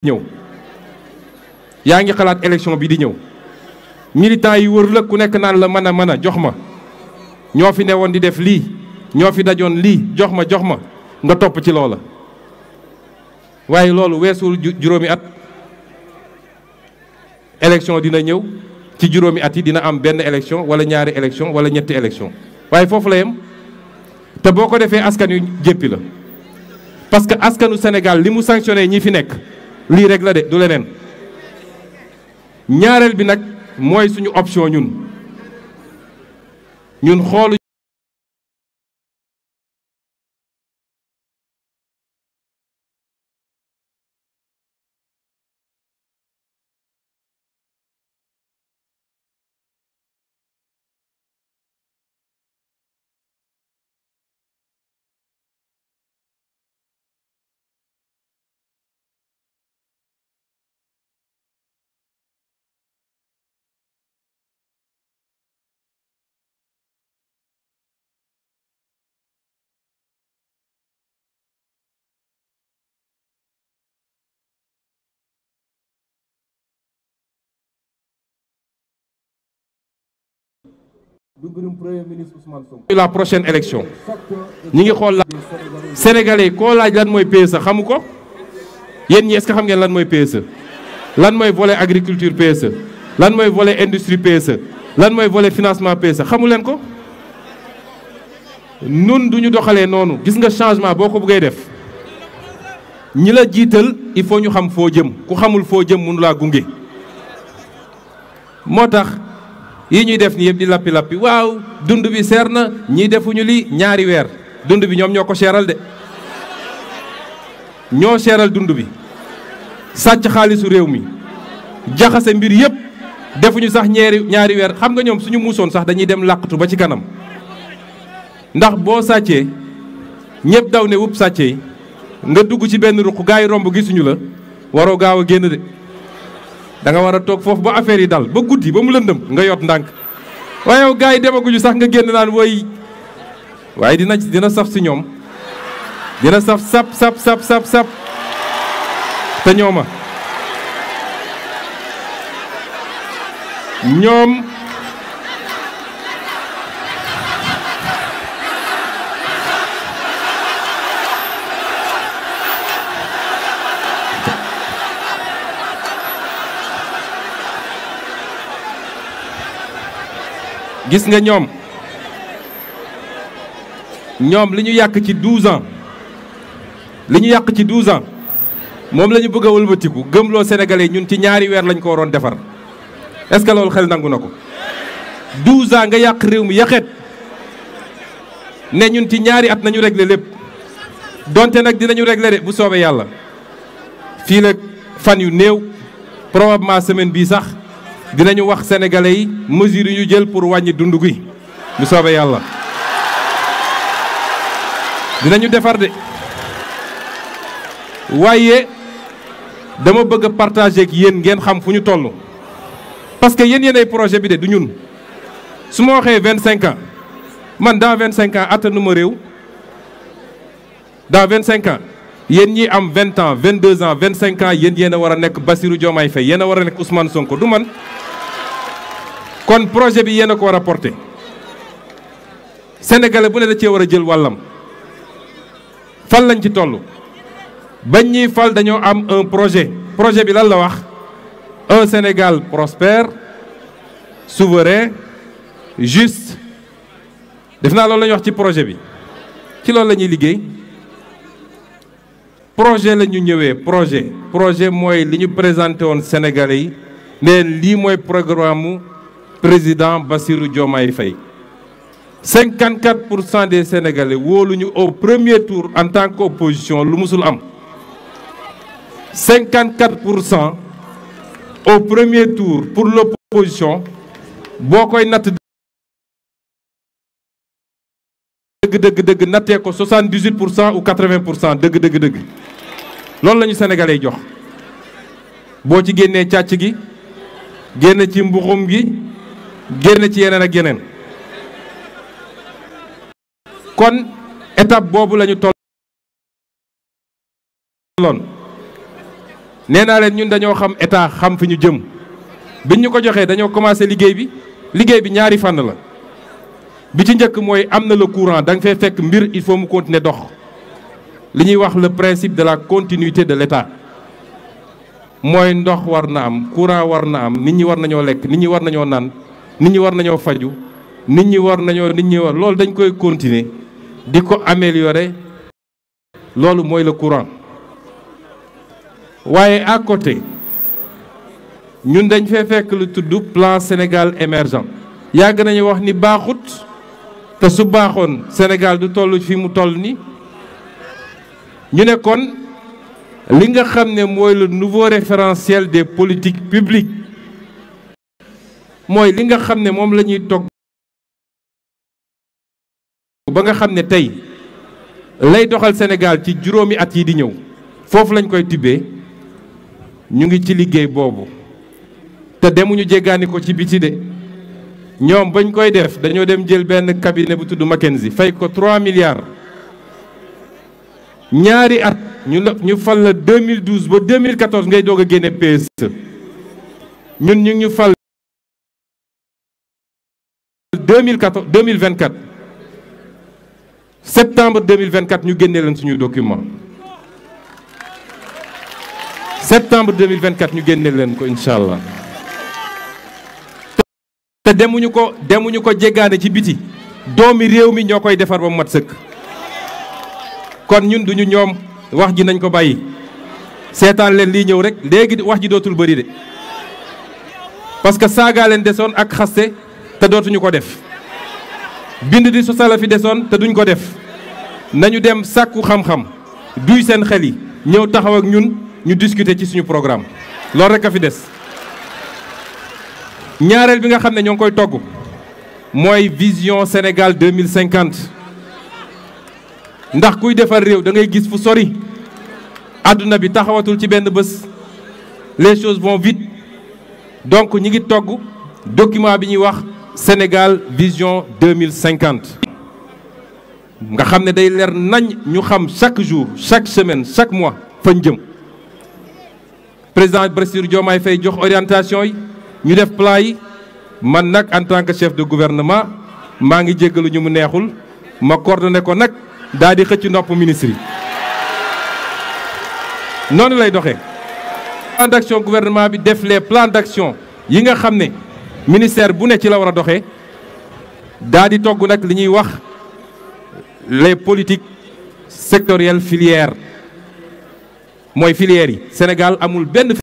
ñew yang ngi xalaat élection bi di ñew militant yi wër la ku nekk naan la mana mana jox ma ñoo fi newon di def li ñoo fi dajoon li jox ma jox ma nga topp ci loola waaye loolu weesul juróomi at élection dina ñëw ci juróomi at yi dina am benn élection wala ñaari élection wala ñetti élection waaye foofu la yem te boo ko askan yu jéppi la parce que askanu Sénégal li mu sanctionné ñi fi nekk lii rek la de du leneen ñaareel bi nag mooy suñu option ñun ñun xoolu la prochaine élection ñi ngi sénégalais yi koo laaj lan mooy PSE xamu ko ñi que xam ngeen lan mooy PSE lan volet agriculture PSE lan volet industrie PSE lan volet financement PSE xamu ko nun du ñu doxalee noonu gis nga changement boo ko bëggee def ñi la il faut ñu xam foo jëm ku xamul foo jëm mënu laa gunge yi ñuy def ni yëpp di lappi lappi waaw dund bi seer na ñii defuñu li ñaari weer dund bi ñoom ñoo ko seeral de ñoo seeral dund bi sàcc xaalisu réew mi jaxase mbir yëpp defuñu sax ñeeri ñaari weer xam nga ñoom suñu muusoon sax dañuy dem làqutu ba ci kanam ndax boo sàccee ñëpp daw ne wupp sàccee nga dugg ci benn ruq gaa romb gisuñu la waroo gaaw a génn de danga war a toog foofu ba affaire yi dal ba guddi ba mu lëndëm nga yot ndànk waaye yow gars yi demaguñu sax nga génn naan woy waaye dina dina saf si ñoom dina saf sap sap sap sap sap te ñooma ñoom gis nga ñoom ñoom li ñu yàq ci 12 ans li ñu yàq ci 12 ans moom lañu ñu bëgg a wëlbatiku gëmloo yi ñun ci ñaari weer lañ ko waroon defar est-ce que loolu xel nangu na ko 12 ans nga yàq réew mi yaxet ne ñun ci ñaari at nañu régler lépp donte nag dinañu régler de bu soobee yàlla fii la fan yu néew probablement semaine bii sax. dinañu wax sénégalais yi mesures yi ñu jël pour wàññi dund gi bu soobee yàlla dinañu defar de waaye dama bëgg a partager yéen ngeen xam fu ñu toll parce que yéen yéenay projet bi de du ñun su ma waxee vingt cinq man dans vingt cinq ans attanu réew dans vingt cinq yen ñi am 20 ans 22 ans 25 ans yen yéen wara nek a nekk Bassirou Diomaye Faye yéen a war Ousmane Sonko du man kon projet bi yéen ko wara porter sénégalais bu ne da cee war jël walam fan lañ ci tollu bañ ñi fal dañoo am un projet projet bi lan la wax un Sénégal prospère souverain juste def naa loolu la ñuy wax ci projet bi ci loolu la ñuy liggéey projet la ñu ñëwé projet projet moy li ñu présenté won Sénégalais yi ne programme président Bassirou Diomaye 54 des Sénégalais ñu au premier tour en tant qu'opposition lu 54 au premier tour pour l'opposition dëgg dëgg dëgg nattee ko 78 pour cent ou 80 pour cent dëgg dëgg dëgg loolu la ñu jox boo ci génnee càcc gi génn ci mbuxum gi génn ci yeneen ak yeneen kon étape boobu lañu ñu tolloon nee naa leen ñun dañoo xam état xam fi ñu jëm biñ ñu ko joxee dañoo commencé liggéey bi liggéey bi ñaari fànn la bi ci njëkk mooy am le courant Dang fe fek fekk mbir il faut mu continuer dox li ñuy wax le principe de la continuité de l'État Moi, ndox war na am courant war na am nit ñi war nañoo lek, nit ni war nañoo nan, nit ni war nañoo faju nit ni war nañoo nit ni war loolu dañ koy continuer Diko améliorer loolu mooy le courant Waye à côté ñun dañ fee le lu tudd plan Sénégal émergent yàgg nañu wax ni baaxut te su senegal Sénégal du tollu fi mu toll ni ñu ne kon li nga xamne moy le nouveau référentiel des politiques publiques moy li nga xamne ne lañuy tok ba nga xamne ne lay doxal senegal ci juróomi at yi di ñew foofu lañ koy tibé ñu ngi ci liggéey boobu te demuñu jéggaani ko ci biti de ñom bañ koy def dem jël ben cabinet bu tuddu Mackenzie fay ko 3 milliards ñaari at ñu ñu fal la 2012 ba 2014 ngay avons a PS e. ñun ñu ñu fal 2014 2024 septembre 2024 ñu gënné leen suñu document septembre 2024 ñu gënné leen ko inshallah te demuñu ko demuñu ko jéggaane ci biti doomi réew mi ñoo koy defar ba mu mat sëkk kon ñun duñu ñoom wax ji nañ ko bàyyi seetaan leen lii ñëw rek léegi wax ji dootul bëri de parce que saagaa leen desoon ak xaste te dootuñu ko def bind di sosala fi desoon te duñu ko def nañu dem sàkku xam-xam duy seen xel yi ñëw taxaw ak ñun ñu discuter ci suñu programme loolu rek a fi des ñaarel bi nga xam ne ñoo ngi koy togg mooy vision Sénégal 2050 ndax kuy defar réew da ngay gis fu sori àdduna bi taxawatul ci benn bés les choses vont vite donc ñi ngi togg document bi ñuy wax Sénégal vision 2050 nga xam ne day leer nañ ñu xam chaque jour chaque semaine chaque mois fañ jëm président Bassirou Diomaye fay jox orientation yi ñu def plan yi man nag en tant que chef de gouvernement maa ngi jéggalu ñu mu neexul ma coordonné ko nag daal di xëcc nopp ministre yi noonu lay doxee plan d'action gouvernement bi def les plans d'action yi nga xam ne ministère bu ne ci la war a doxee daa di togg nag li ñuy wax les politiques sectorielles filières mooy filières yi Sénégal amul benn